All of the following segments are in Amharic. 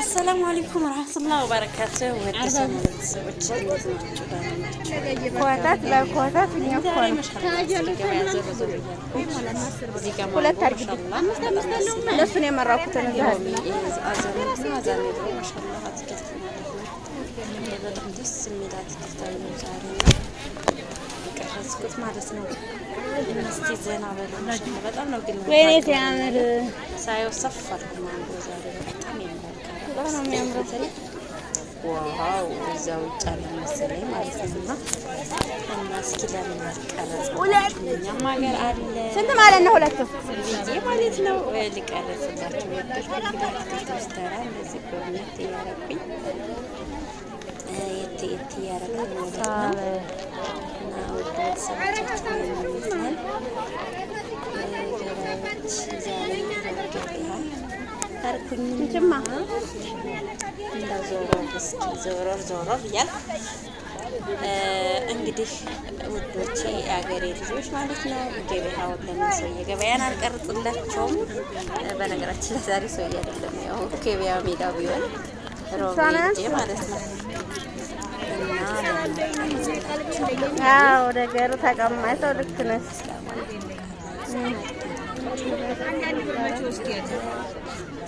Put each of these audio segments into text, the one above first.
አሰላሙ አለይኩም ረህመቱላህ ወበረካቱ። ቤተሰቦች ኮተት ለኮተት ሁለት እነሱን የመራኩትን በጣም ደስ የሚል አትክልት ነው ዛሬ የቀረጽኩት ማለት ነው። እስኪ ዘና በሉ። በጣም ነው ግን ሳይወሰፍ አልኩ ማንጎ ዛሬ በጣም ነው የሚያምረው። ዋው እዛ ውጭ አለ መሰለኝ ማለት ነው። እና እና እስኪ ለምን አልቀረጽ? እኛም ሀገር አለ ስንት ማለት ነው ሁለቱ ብዬ ማለት ነው ልቀረጽላቸው ወደድኩ። እንግዲህ ተስተራ እያረኩኝ የት የት እያረኩኝ ማለት ነው እና ወደ ቤተሰቦቻችን የሚመስላል ገበያዎች አርኩኝማ ዞሮ እስኪ ዞሮ ዞሮ እያል እንግዲህ ውዶቼ የአገሬ ልጆች ማለት ነው። ገበያውን ለምን ሰውዬ ገበያን አልቀርጥላቸውም። በነገራችን ለዛሬ ሰውዬ አይደለም ያው ገበያ ሜዳ ቢሆን ሮቤ ማለት ነው። አዎ ነገሩ ተቀማጭ ልክ ነሽ።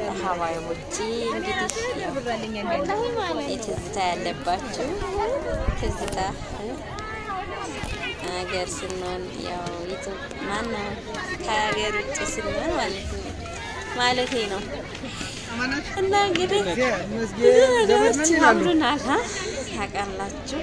ከሀዋይ ሀዋይሞቼ እንግዲህ ትዝታ ያለባቸው ትዝታ ሀገር ስንሆን ያው ማነው ከሀገር ውጭ ስንሆን ማለት ነው ማለት ነው። እና እንግዲህ ብዙ ነገሮች አምሩናል ታውቃላችሁ።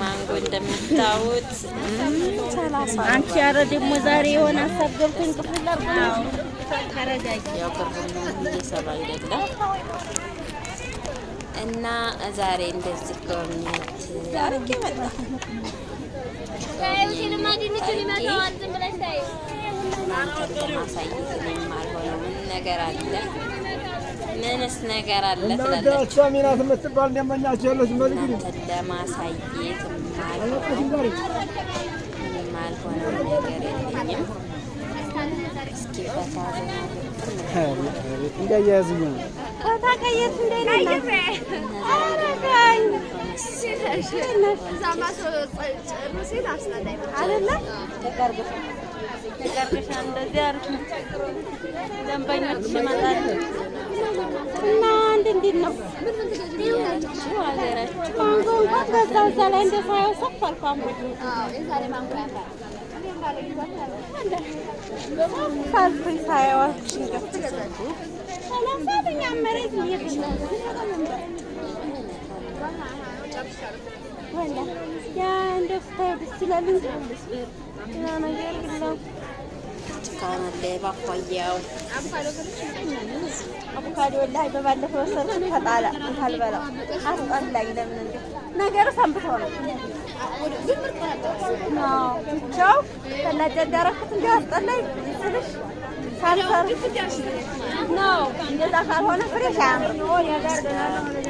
ማንጎ እንደምታዩት አንቺ ኧረ ደግሞ ዛሬ የሆነ ሀሳብ ገብቶኝ እየሰራ አይደለም እና ዛሬ እንደዚህ ጎብኝት አርጌ መጣሁ። ነገር አለ? ምንስ ነገር አለ ትላለች። አሚናት የምትባል ደመኛቸው ያለች መልእክት ለማሳየት ማልሆነ ነገር የለኝም። እስኪ እንዳያያዝኝ ነው ታቀየት መጨረሻ እንደዚህ አሪፍ ነው። ደንበኞች ይመጣሉ እና አንድ እንዴት ነው ሀገራችን ማንጎ እንኳን በዛ እዛ ላይ እንደሳየው ሰፍ አልኳ ሳየዋች ብርቱካን አለ፣ ባባያው አቮካዶ ላይ በባለፈው ሰርተን ተጣላ አልበላው አስጠላኝ። ለምን እንደ ሰንብቶ ነው ነው ብቻው ተናደዳረኩት እንደ አስጠላኝ ስልሽ ካልሰር ነው እንደዛ ካልሆነ ፍሬሽ አያምርም።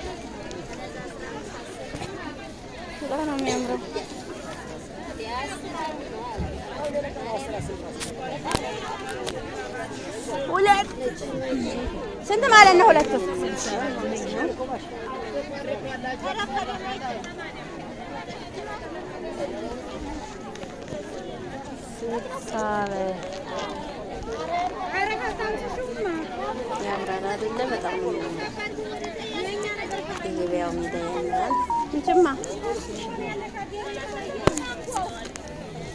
ስንት ማለት ነው? ሁለቱ ያምራል አይደለ? በጣም የገበያው ሜዳ ያምራል።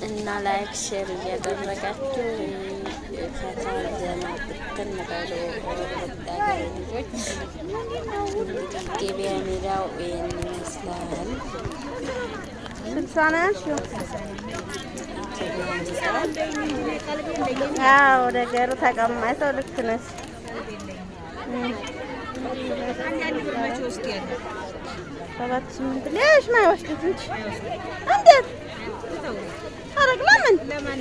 እና ላይክ ሼር እያደረጋችሁ ፈታ ዘና ብትን በሉ ወጣት ልጆች። ገበያ ሜዳው ይህን ይመስላል። አዎ ነገሩ ተቀማጭ ሰው ልክ ነሽ። ሰባት ስምንት ሌሽ ማይወስዱት እንጂ እንዴት አረግ ለምን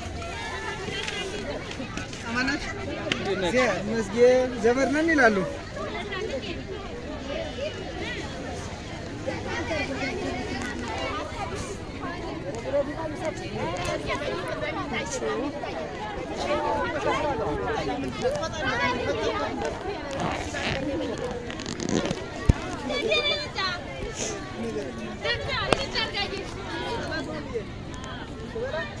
जबर ना नहीं Thank you.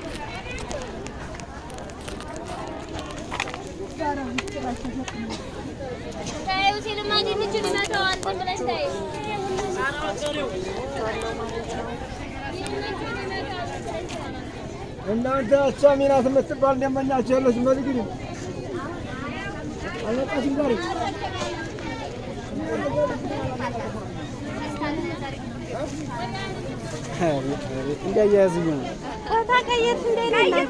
એવું છે માજીની ચૂડીમાં થવાનું છે મને થાય እናንተ አቻሚን አስመስባል እንደመኛቸው ያለች መልግድ አለቃሽም ዛሬ እንዲያያዝኝ ነው ታቀየት እንደ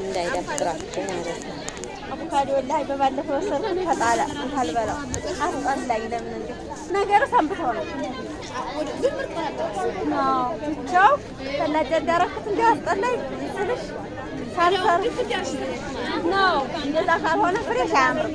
እንዳይደብራችሁ ማለት ነው። አቮካዶ ላይ በባለፈው ስር ተጣላ እንታልበላው አስጠላኝ ላይ ለምን እንደ ነገር ሰንብተው ነው ብቻው ተላጀ ዳረኩት እንደ አስጠላኝ ስልሽ ሳልሰር እንደዛ ካልሆነ ፍሬሽ አያምርም።